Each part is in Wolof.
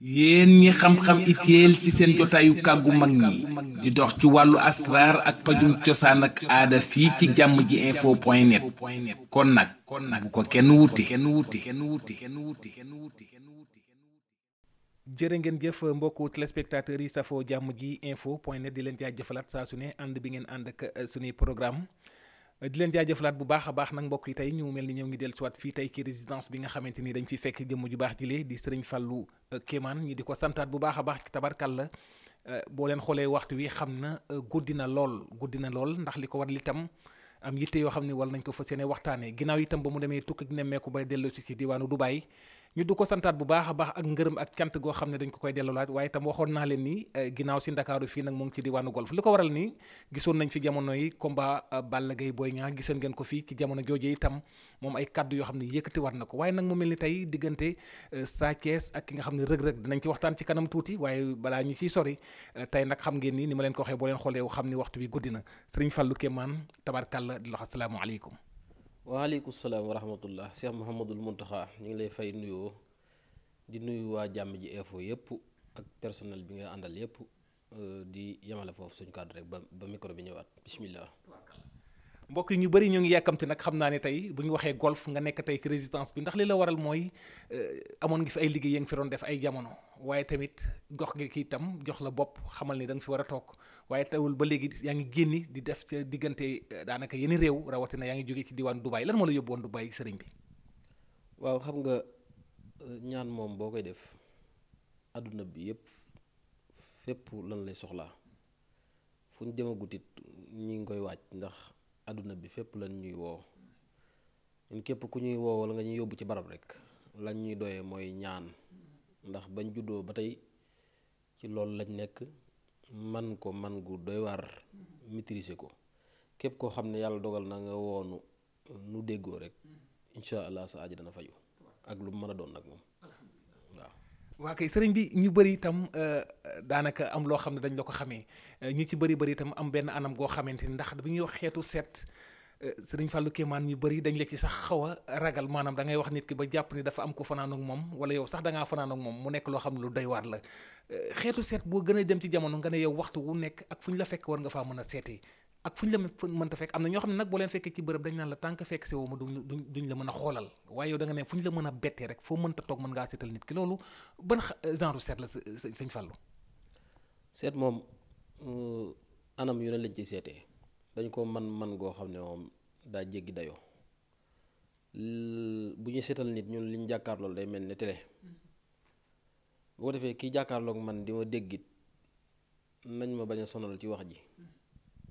yéen ñi xam-xam itéel ci seen jotaayu kàggu mag ñi di dox ci wàllu asraar ak pajum cosaan ak aada fii ci jàmm ji info point net kon nag bu ko kenn wuti kenn wuti kenn wuti kenn wuti kenn wuti jërë ngeen jëf mbokku téléspectateurs yi safoo jàmm ji info point net di leen jaajëfalaat saa su ne ànd bi ngeen ànd ak suñuy programme di leen jaajëfalaat bu baax baax nag mbokk yi tey ñu mel ni ñëw ngi dellu siwaat fii tey ci résidence bi nga xamante ni dañ fi fekk jëmm ju baax ji lee di sëriñ Fallou euh, Kéman ñi di ko santaat bu baax a baax ci tabarkal la euh, boo leen xoolee waxtu wi xam na euh, guddi na lool guddi na lool ndax li ko war li tam am yitte yoo xam ne war nañ ko fa yéene waxtaanee ginnaaw itam ba mu demee tukki nemmeeku bay delloosi ci du Dubaay ñu du ko santaat bu baax a baax ak ngërëm ak cant goo xam ne dañ ko koy delloolaat waaye itam waxoon naa leen ni eh, ginnaaw si ndakaaru fii nag moom ngi ci diwaanu golf li ko waral nii gisoon nañ fi jamono yi combat eh, Balla Gaye Boy Niang giseen ko fii ci jamono jooje itam moom ay kaddu yoo xam ne yëkkati war na ko waaye nag mu mel ni tey diggante eh, Sa Thiès ak ki nga xam ne rëg-rëg dinañ ci waxtaan ci kanam tuuti waaye balaa ñu ciy sori tey nag xam ngeen nii ni ma leen ko waxee boo leen xoolee xam ni waxtu bi guddi na Serigne Fallou Kémane tabarkàlla di loxo asalaamaaleykum waaleykum salaam wa rahmatullah Cheikh Mouhamadul xaa ñu ngi lay fay nuyoo di nuyu waa jàmm ji info yëpp ak personnel bi nga àndal yëpp euh, di yemale foofu suñu kàddu rek ba ba micro bi ñëwaat bismillah mbokk yi ñu bari ñoo ngi yàkkamti nag xam naa ne tey bu ñu waxee golf nga nekk tey ci résistance bi ndax li la waral mooy euh, amoon ngi fi ay liggéey ya ngi fi doon def ay jamono waaye tamit gox gi kii itam jox la bopp xamal ni da nga fi war a toog waaye tawul ba léegi yaa ngi génni di def ca diggante euh, daanaka yenn réew rawatina yaa ngi jógee ci diwaan Dubaay lan moo la yóbboon Dubaay sëriñ bi. waaw xam nga euh, ñaan moom boo koy def adduna bi yëpp fépp lan lay soxla fu ñu demagut it ñu ngi koy waaj ndax. àdduna bi fépp lañ ñuy woo képp ku ñuy woo wala nga ñuy yóbbu ci barab rek lañ ñuy doyee mooy ñaan ndax bañ juddoo ba tey ci loolu lañ nekk man ko man gu doy war maîtriser ko képp koo xam ne yàlla dogal na nga woonu nu déggoo rek incha allah sa aji dana fayu ak lu mën a doon nag moom waa kay sëriñ bi ñu bëri itam euh, daanaka am loo xam ne dañ la ko xamee euh, ñu ci bëri bari itam am benn anam goo xamante ni ndax bi ñuy wax xeetu seet euh, sëriñ Fallou Kéemaan ñu bari dañ la sax xaw a ragal maanaam da ngay wax nit ki ba jàpp ni dafa am ko fanaan ak moom wala yow sax dangaa ngaa moom mu nekk loo xam ne lu doy waar la xeetu seet boo gën a dem ci jamono nga ne yow waxtu wu nekk ak fu ñu la fekk war nga faa mën a seetee ak fu ñu la mënta fekk am na ñoo xam ne nag boo leen fekkee ci bërëb dañ naan la tànk fekk si woo ma la mën a xoolal waaye yow da nga ne fu ñu la mën a bettee rek foo mënta toog mën ngaa seetal nit ki loolu ban genre seet moom anam yu lañ ci seetee dañ ko man man goo xam ne moom daa jéggi dayoo bu ñu seetal nit ñun liñ jàkkaar loolu day mel ni télé mm-hmm. boo ko defee kii jàkkaarloog man di ma déggit nañ ma bañ a sonal ci wax ji mm-hmm.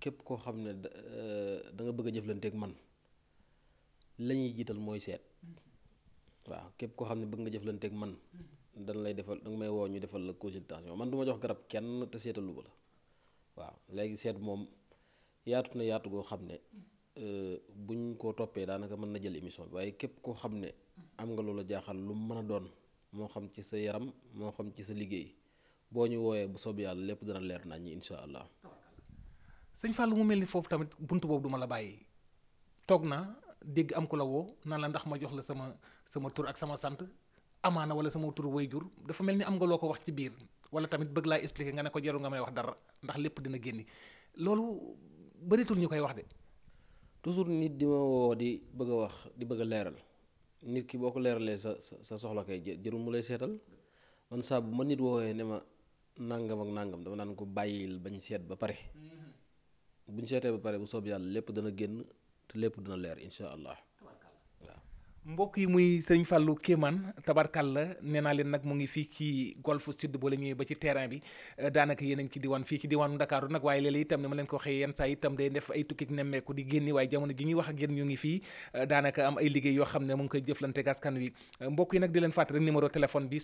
képp koo xam ne euh, da nga bëgg a jëflanteeg man la ñuy jiital mooy seet waaw képp koo xam ne bëgg nga jëflanteeg man dañ lay defal danga may woo ñu defal la consultation man du jox garab kenn te seetalu ba la waaw léegi seet moom yaatu na yaatu goo xam ne euh, buñ ko toppee daanaka mën na jël émission bi waaye képp koo xam ne am nga loola jaaxal lu mën a doon moo xam ci sa yaram moo xam ci sa liggéey boo ñu wooyee bu soob yàlla lépp dana leer naa ñi incha allah. sëñ Fallou mu mel ni foofu tamit bunt boobu duma la bàyyi toog naa dégg am ku la woo nan la ndax ma jox la sama sama tur ak sama sant amaana wala sama tur wayjur dafa mel ni am nga loo ko wax ci biir wala tamit bëgg laa expliquer nga ne ko jaru nga may wax dara ndax lépp dina génni loolu bëritul ñu koy wax de. toujours nit di ma woo di bëgg a wax di bëgg a leeral nit ki boo ko leeralee sa sa soxla kay jëru mu lay seetal man saa bu ma nit woowee ne ma nàngam ak nàngam dama ko bàyyil bañ seet ba pare. Mm. bu ñu seetee ba pare bu soob yàlla lépp dana génn te lépp dana leer incha allah mbokk yi muy sëñ Fallou Kéemaan tabarkal la nee naa leen nag mu ngi fii ci golf sud boo la ba ci terrain bi euh, daanaka yéen a ngi ci diwaan fii ci diwaanu Ndakaaru nag waaye léeg-léeg itam ne ma leen ko waxee yenn saa itam day def ay tukki nemmeeku di génni waaye jamono ji ñuy wax ak yéen ñu ngi fii euh, daanaka am ay liggéey yoo xam ne mu ngi koy jëflante gaskan wi euh, mbokk yi nag di leen fàttali rek numéro téléphone bi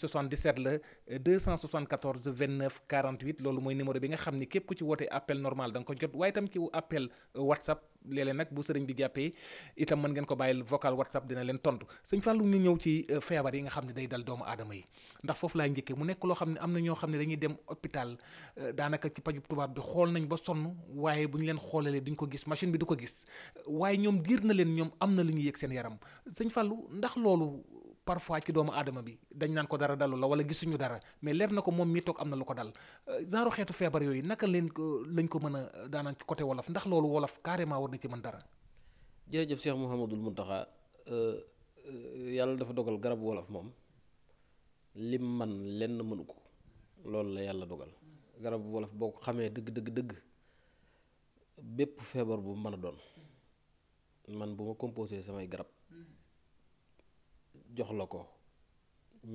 la loolu mooy numéro bi nga xam ni képp ku ci woote appel normal ko jot waaye itam ci appel WhatsApp léeg nag bu sëriñ bi jàppee itam mën ngeen ko bàyyil vocal whatsapp dina leen tontu sëñ Fallou ñu ñëw ci euh, feebar yi nga xam ne day dal doomu aadama yi ndax foofu laay njëkkee mu nekk loo xam ne am na ñoo xam ne dañuy dem hôpital euh, daanaka ci pajub tubaab bi xool nañ ba sonn waaye bu ñu leen xoolalee duñ ko gis machine bi du ko gis waaye ñoom giir na leen ñoom am na lu ñuy yëg seen yaram sëñ Fallou ndax loolu parfois ci doomu aadama bi dañ naan ko dara dalu la wala gisuñu dara mais leer na ko moom mii toog am na lu ko dal euh, genre xeetu feebar yooyu naka leen ko lañ ko mën a daanaan ci wolof ndax loolu wolof carrément war na ci mën dara. jërëjëf Cheikh Mouhamadul Mountakha euh, euh, yàlla dafa dogal garab wolof moom lim man lenn mënu ko loolu la yàlla dogal garab wolof boo ko xamee dëgg dëgg dëgg bépp feebar bu mën a doon man bu ma composé samay garab. jox la ko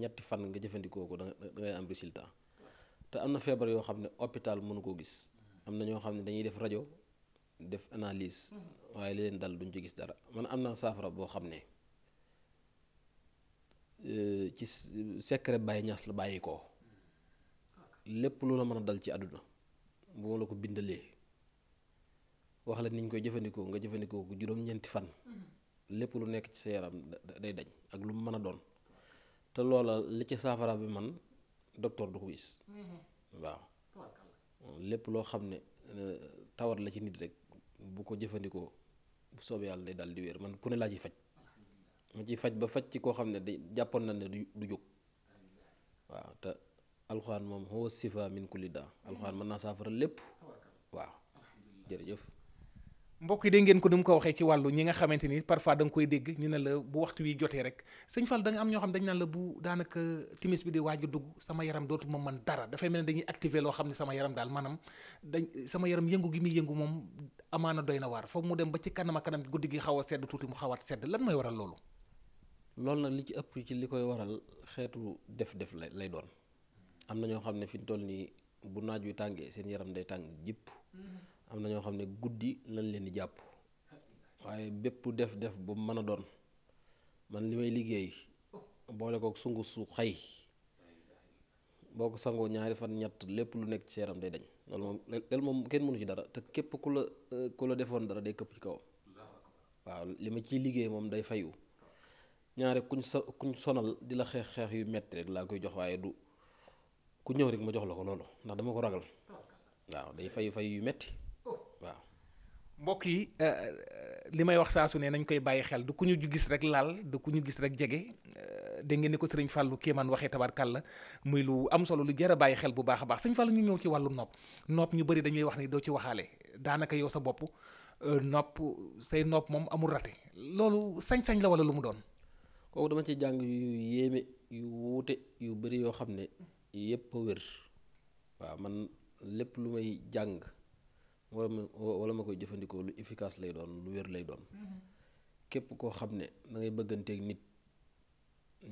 ñetti fan nga jëfandikoo ko da ngay am résultat te am na feebar yoo xam ne hôpital mënu koo gis am na ñoo xam ne dañuy def rajo def analise mm-hmm. waaye li leen dal duñ ci gis dara man am naa saafara boo xam ne euh, ci secret bàyyi Niass la bàyyi ko lépp lu la mën a dal ci àdduna boo la ko bindalee wax la niñ koy jëfandikoo nga jëfandikoo ko juróom-ñeenti fan mm-hmm. lépp lu nekk ci sa yaram day dañ ak lu mën a doon te loola li ci saafara bi man docteur du ko gis mm-hmm. waaw lépp loo xam ne euh, tawat la ci nit rek bu ko jëfandikoo bu soobee yàlla day daal di wér man ku ne laa ci faj ma ci faj ba faj ci koo xam ne day jàppoon na ne du jóg waaw te alxuraan moom huwa sifa min kulli daa alxuraan mm-hmm. naa saafara lépp waaw mbokk yi de ngeen ko ni mu ko waxee ci wàllu ñi nga xamante ni parfois da koy dégg ñu ne la bu waxtu wi jotee rek sëñ Fall da nga am ñoo xam dañ naan la bu daanaka timis bi di waaj a dugg sama yaram dootu ma mën dara dafay mel ne dañuy activer loo xam ne sama yaram daal maanaam dañ sama yaram yëngu gi muy yëngu moom amaana doy na waar foog mu dem ba ci kanam a kanam guddi gi xaw a sedd tuuti mu xawaat sedd lan mooy waral loolu. loolu nag li ci ëpp ci li koy waral xeetu def-def lay lay doon am na ñoo xam ne fi mu nii bu naaj wi tàngee seen yaram day tàng jëpp mm-hmm. am na ñoo xam ne guddi lañ leen di jàpp waaye bépp def-def bu mën a doon man li may liggéey boole kook sungu su xay boo ko sangoo ñaari fan ñett lépp lu nekk ci yaram day dañ loolu moom loolu moom kenn mënu ci dara te képp ku la ku la defoon dara day këpp ci kawam waaw li ma ciy liggéey moom day fayu ñaari kuñ sa kuñ sonal di la xeex xeex yu metti rek laa koy jox waaye du ku ñëw rek ma jox la ko loolu ndax dama ko ragal waaw day fayu fayu yu metti mbokk yi euh, euh, li may wax saa su ne nañ koy bàyyi xel du ku ñu gis rek laal du ku ñu gis rek jege euh, dégg ngeen ni ko sëriñ Fallou Kéemaan waxee la muy lu am solo lu jar a bàyyi xel bu baax a baax sëñ Fallou ñu ñëw ci wàllu nopp nopp ñu bari dañuy wax ni doo ci waxaale daanaka yow sa bopp nopp say nopp moom amul rate loolu sañ-sañ la wala lu mu doon. kooku dama ci jàng yu yéeme yu wuute yu bari yoo xam ne yépp a wér waaw man lépp lu may jàng. wala ma wala ma koy jëfandikoo lu efficace lay doon lu wér lay doon mm-hmm. képp koo xam ne da ngay bëgganteeg nit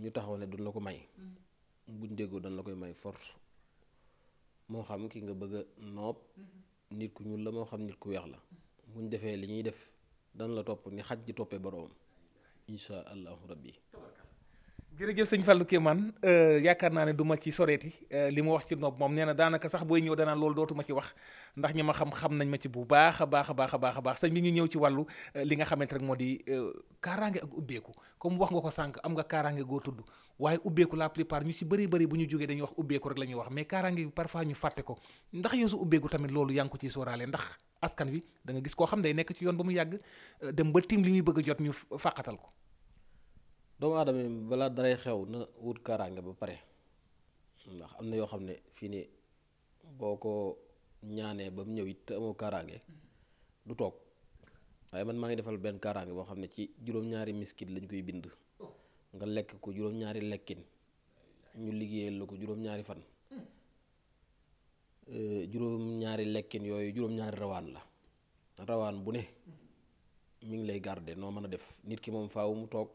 ñu taxaw ne duñ la ko may mm-hmm. buñ déggoo dañ la koy may force moo xam ki nga bëgg a noob mm-hmm. nit ku ñuul la moo xam nit ku weex la buñ defee li ñuy def dañ la topp ni xaj ji toppee boroom insha allahu rabbi jërëjëf sëñ Fallou Kéemaan euh, yaakaar naa ne du ma ci soreeti euh, li ma wax ci nopp moom nee na daanaka sax booy ñëw danaan loolu dootuma ci wax ndax ñi ma xam nañ ma ci bu baax a a baax a baax a baax sëñ bi ñu ñëw ci wàllu euh, li nga xamante rek moo di kaaraange ak ubbeeku comme wax nga ko sànq am nga kaaraange goo tudd waaye ubbeeku la plupart ñu ci bëri bëri bu ñu jógee dañuy wax ubbeeku rek la ñuy wax mais kaaraange bi parfois ñu fàtte ko ndax yow su ubbeeku tamit loolu yaa ngi ko ciy sóoraale ndax askan wi danga gis koo xam day nekk ci yoon ba mu yàgg dem ba tim li ñuy bëgg a ñu fàqatal ko doomu aadama yi balaa daray xew na wut kaaraange ba pare ndax am na yoo xam ne fii nii boo ko ñaanee ba mu ñëw it te amoo kaaraange du toog waaye man maa ngi defal benn kaaraange boo xam ne ci juróom-ñaari miskit lañu koy bind nga lekk ko juróom-ñaari lekkin ñu liggéeyal la ko juróom-ñaari fan euh, juróom-ñaari lekkin yooyu juróom-ñaari rawaan la rawaan bu ne mi ngi lay garde noo mën a def nit ki moom faw mu toog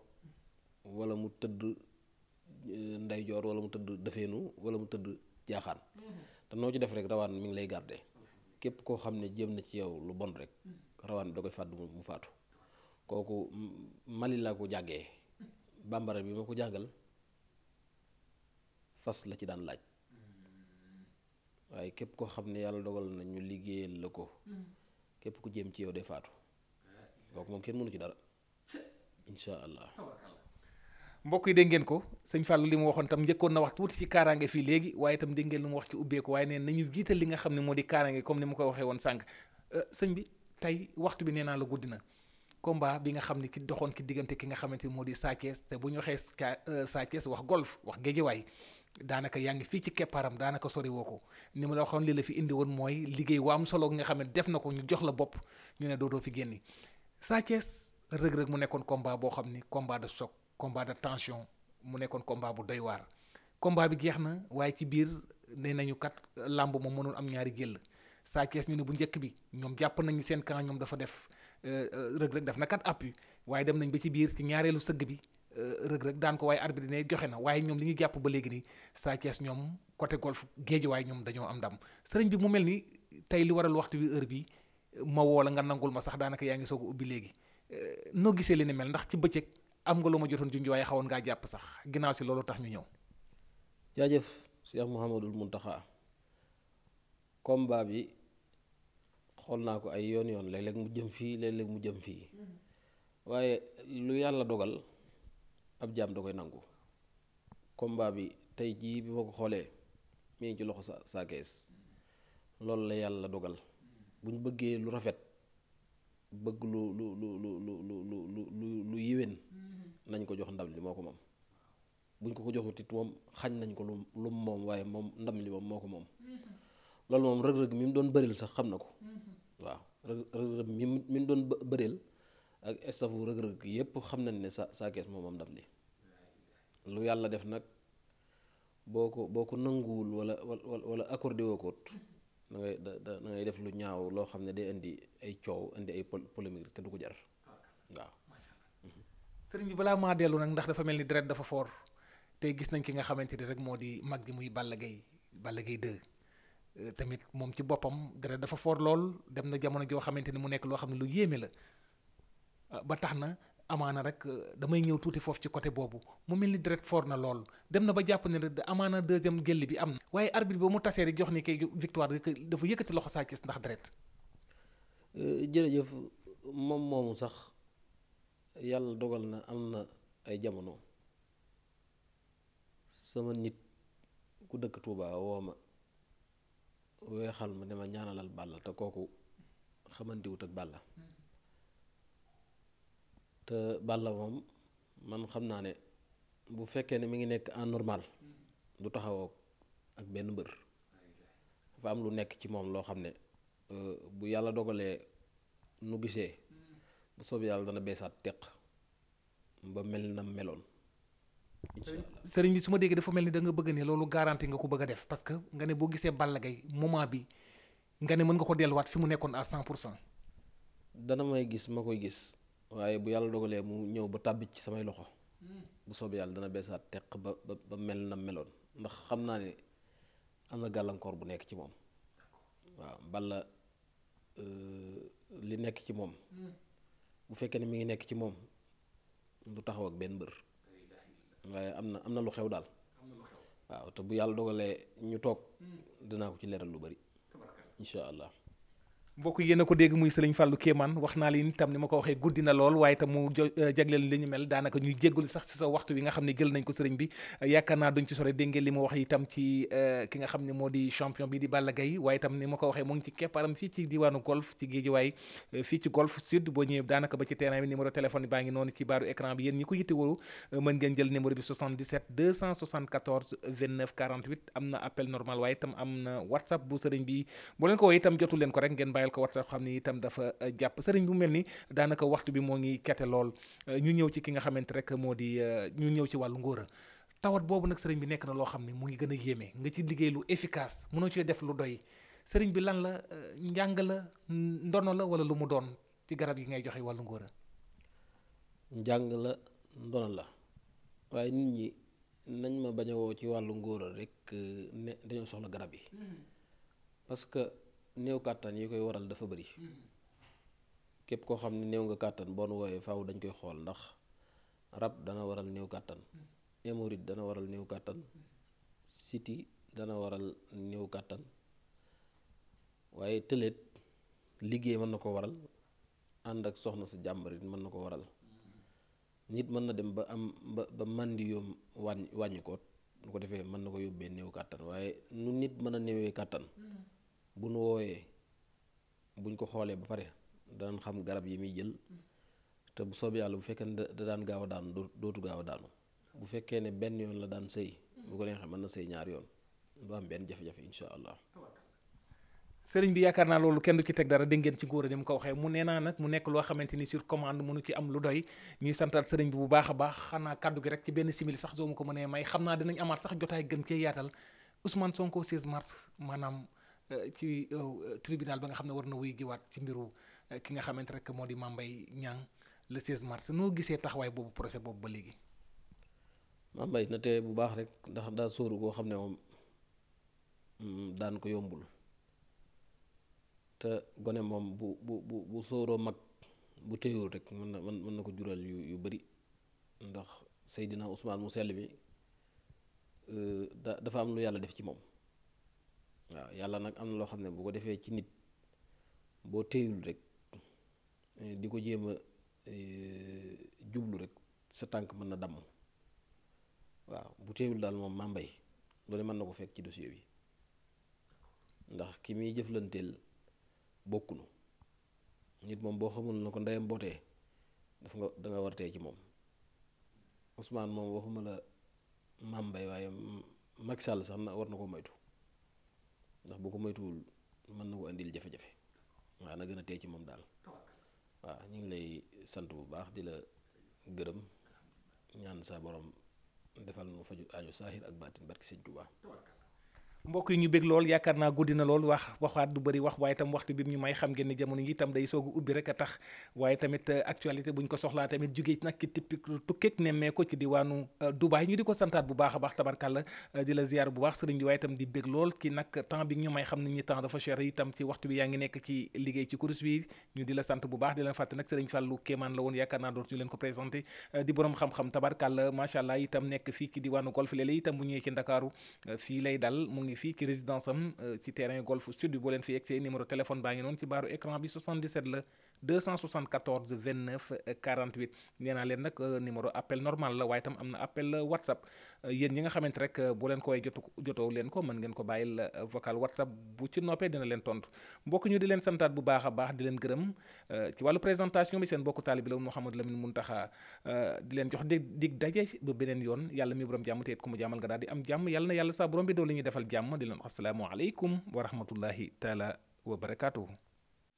wala mu tëdd euh, ndeyjoor wala mu tëdd defeenu wala mu tëdd jaaxaan mm-hmm. te noo ci def rek rawaan mi ngi lay garde képp koo xam ne jëm na ci yow lu bon rek mm-hmm. rawaan bi da koy mu faatu kooku Mali laa ko jàngee mm-hmm. bambara bi ma ko jàngal fas la ci daan laaj waaye képp koo xam ne yàlla dogal na ñu liggéey la ko képp ku jëm ci yow day faatu eh. kooku kenn mënu ci dara insha allah mbokk yi dégg ngeen ko sëñ Fallou li mu waxoon tam njëkkoon na wax tuuti ci kaaraange fii léegi waaye itam dégg ngeen lu mu wax ci ubbeeku waaye neen nañu jiital li nga xam ne moo di kaaraange comme ni mu ko waxee euh, bi tey waxtu bi nee naa la guddi na combat bi nga xam ne ki doxoon ki diggante ki nga xamante ni moo di Sa te bu ñu waxee Sa euh, Thiès wax golf wax géejewaay daanaka yaa ngi fii ci keppaaram daanaka sori woo ko ni ma la waxoon li la fi indi woon mooy liggéey waa am solo nga xam ne def na ko ñu jox la bopp ñu ne doodoo fi génni Sa Thiès mu nekkoon combat boo xam ni combat de choc combat de tension mu nekkoon combat bu doy waar combat bi geex na waaye ci biir nee nañu kat làmb moom mënul am ñaari jël saa ñu ne bu njëkk bi ñoom jàpp nañu seen camp dafa def euh, euh, Reug Reug def na kat app waaye dem nañ ba ci biir ci ñaareelu sëgg bi euh, Reug Reug daan ko waaye arbitre ne joxe na waaye ñoom li ñu jàpp ba léegi nii saa ñoom côté golf géej waaye ñoom dañoo am ndam sëriñ bi mu mel ni tey li waral waxtu bi heure bi ma woola nga nangul ma sax daanaka yaa ngi soog ubbi léegi noo gisee li mel ndax ci bëccëg. am nga lu ma jotoon junj waaye xawoon ngaa jàpp sax ginnaaw si loolu tax ñu ñëw. jaajëf Cheikh Mouhamadul taxa komba bi xool naa ko ay yoon yoon léeg-léeg mu jëm fii léeg-léeg mu jëm fii waaye lu yàlla dogal ab jaam da koy nangu combat bi tey jii bi ma ko xoolee mi ngi ci loxo sa saa loolu la yàlla dogal bu ñu bëggee lu rafet bëgg lu lu lu moo ko moom buñ ko ko joxut it moom xañ nañ ko lu lu moom waaye moom ndam li moom moo ko moom loolu moom rëg-rëg mi mu doon bëril sax xam na ko waaw mi mi mu doon bëril ak estafu rëg-rëg yépp xam nañ ne sa saa kees moom moom ndam li lu yàlla def nag boo ko boo ko nanguwul wala wala wala accordé woo ko da ngay da da def lu ñaaw loo xam ne day indi ay coow indi ay polémique te du ko jar sëriñ bi balaa maa dellu nag ndax dafa mel ni deret dafa foor tey gis nañ ki nga xamante ni rek moo di mag ji muy Balla Gaye Balla Gaye 2 euh, tamit moom ci boppam deret dafa foor lool dem na jamono joo xamante ni mu nekk loo xam ne lu yéeme la euh, ba tax na amaana rek euh, damay ñëw tuuti foofu ci côté boobu mu mel ni deret foor na lool dem na ba jàpp ne rek amaana deuxième géll bi am na. waaye arbitre ba mu tasee rek jox ni kay victoire dafa yëkkati loxo saa gis ndax deret. jërëjëf moom moomu sax. yàlla dogal na am na ay jamono sama nit ku dëkk Touba woo ma weexal ma dama ñaanalal Balla te kooku xamantiwut ak Balla te Balla moom man xam naa ne bu fekkee ne mi ngi nekk en normal du taxaw ak benn mbër dafa am lu nekk ci moom loo xam ne euh, bu yàlla dogalee nu gisee bu soobee yàlla dana beesaat teq ba mel na meloon. sëriñ bi su ma déggee dafa mel ni da nga bëgg ne loolu garanti nga ko bëgg a def parce que nga ne boo gisee Balla Gaye moment bi nga ne mën nga ko delluwaat fi mu nekkoon à cent pour cent. dana may gis ma koy gis waaye bu yàlla dogalee mu ñëw ba tàbbi ci samay loxo hmm. bu soobee dana beesaat teq ba ba mel na meloon ndax xam naa ne am na gàllankoor bu nekk ci moom waaw Balla euh, li nekk ci moom. Hmm. bu fekkee ne mi ngi nekk ci moom du taxaw ak benn mbër waaye am na am na lu xew daal waaw te bu yàlla dogalee ñu toog hmm. dinaa ko ci leeral lu bari insha allah mbokk yéen a ko dégg muy Serigne Fallou Kéemaan wax naa leen itam ni ma ko waxee guddi na lool waaye itam mu euh, jagleel li ñu mel daanaka ñuy jéggul sax si sa waxtu wi nga xam ne jël nañ ko euh, euh, baa ngi noonu ci baaru écran bi yéen ñi ko yittewoo mën ngeen jël numéro bi am na appel normal waaye itam am na whatsapp bu sëriñ bi bu leen ko woo itam jotu leen ko rek ngeen bàyyi mayal ko WhatsApp dafa euh, jàpp sëriñ bu mel ni daanaka waxtu bi moo ngi kete lool euh, ñu ñëw ci ki nga xamante rek moo di euh, ñu ñëw ci wàllu ngóora tawat boobu nag sëriñ bi nekk na loo xam ne mu ngi gën a yéeme nga ci liggéey lu efficace cee def lu doy sëriñ bi lan la njàng la ndono la wala lu mu doon ci garab yi ngay joxe wàllu ngóora njàng la ndono la waaye nit ñi nañ ma bañ a woo ci wàllu ngóora rek ne dañoo soxla garab yi hmm. parce néew kàttan yi koy waral dafa bari hmm. képp koo xam ne néew nga kàttan bon wooyee faaw dañ koy xool ndax rab dana waral néew kàttan hmm. hémorroïde dana waral néew kàttan hmm. siti dana waral néew kàttan waaye tëleet liggéey mën na ko waral ànd ak soxna sa jàmbarit mën na ko waral nit mën na dem ba am ba ba màndiyoom wàññi wàññi ko ko defee mën na ko yóbbee néew kàttan waaye nu nit mën a néewee kàttan bu nu wooyee buñ ko xoolee ba pare danañ xam garab yi muy jël te bu soobee yàlla bu fekkee ne da daan gaaw a daanu dootu gaaw a daanu bu fekkee ne benn yoon la daan sëy bu ko neexee mën na sëy ñaari yoon du am benn jafe-jafe incha allah. sëriñ bi yaakaar naa loolu kenn du ci teg dara dégg ngeen ci ngóor ni mu ko waxee mu nee naa nag mu nekk loo xamante ni sur commande mënu ci am lu doy ñuy santal sëriñ bi bu baax a baax xanaa kaddu gi rek ci benn simili sax soo ko mënee may xam naa dinañ amaat sax jotaay gën cee yaatal Ousmane Sonko Euh, ci euh, tribunal ba nga xam ne war na wuy jiwaat ci mbiru euh, ki nga xamante rek moo di Mame Mbaye Niang le 16 mars noo gisee taxawaay boobu procès boobu ba léegi. Mame Mbaye na tey bu baax rek ndax daa sóoru koo xam ne moom mm, daan ko yombul te gone moom bu bu bu bu sóoroo mag bu téyul rek mën na mën na ko jural yu bari ndax Seydina Ousmane mu sell bi da dafa am lu yàlla def ci moom. waaw yàlla nag am na loo xam ne bu ko defee ci nit boo téyul rek eh, di ko jéem a eh, jublu rek sa tànk mën na damm waaw bu téyul daal moom màmbay loolu mën na ko fekk ci dossier bi ndax ki muy jëflanteel bokkunu nit moom boo xamul na ko ndeyam bootee dafa nga danga wartee ci moom Ousmane moom waxuma la màmbay waaye Macky sax na war na koo moytu ndax boo ko moytuwul mën na ko indil jafe-jafe waaw na gën a tey ci moom daal waaw ñu ngi lay sant bu baax di la gërëm ñaan sa borom defal nu faju aajo saahir ak baatin barki sëñ Tuubaa mbokk yi ñu bég lool yaakaar naa guddi na lool wax waxaat du bëri wax waaye tam waxtu bi mu ñu may xam ngeen jamono yi itam day soogu ubbi rek a tax waaye tamit euh, actualité bu ñu ko soxlaa tamit jugee nag ci tippique tukkeeg nemmee ko ci diwaanu euh, Dubaay ñu di ko santaat bu baax a baax tabarkàlla euh, di la ziar bu baax sëriñ bi waaye tam di bég lool ki nag temps bi ñu may xam ne ñi temps dafa cher itam ci waxtu bi yaa ngi nekk ci liggéey ci kurus bi ñu di la baax di leen fàtte nag sëriñ Fallou Kéemaan la woon yaakaar naa dootu ñu leen ko présenté di borom xam-xam tabarkàlla fii ci diwaanu golf léeg-léeg itam bu lay dal fii ci résidence am euh, ci terrain golf sud bi boo fi yegsee numéro téléphone baa ngi noonu ci baaru écran bi 77 la. 274 29 48 nee naa leen nag euh, numéro appel normal la waaye tam am na appel euh, whatsapp euh, yéen ñi nga xamante rek bu leen ko koy jotu jotoo leen ko mën ngeen ko bàyyil vocal whatsapp bu ci noppee dina leen tontu mbokk ñu di leen santaat bu baax a baax di leen gërëm ci wàllu présentation bi seen bokku taalibi la Mouhamadou Lamine Muntaxa di leen jox dig dig daje ba beneen yoon yàlla mi borom jàmm te it ku mu jàmmal nga daal di am jàmm yàlla na yàlla sa borom bi doo li ñuy defal jàmm di leen asalaamaaleykum wa rahmatullahi taala wa barakaatuhu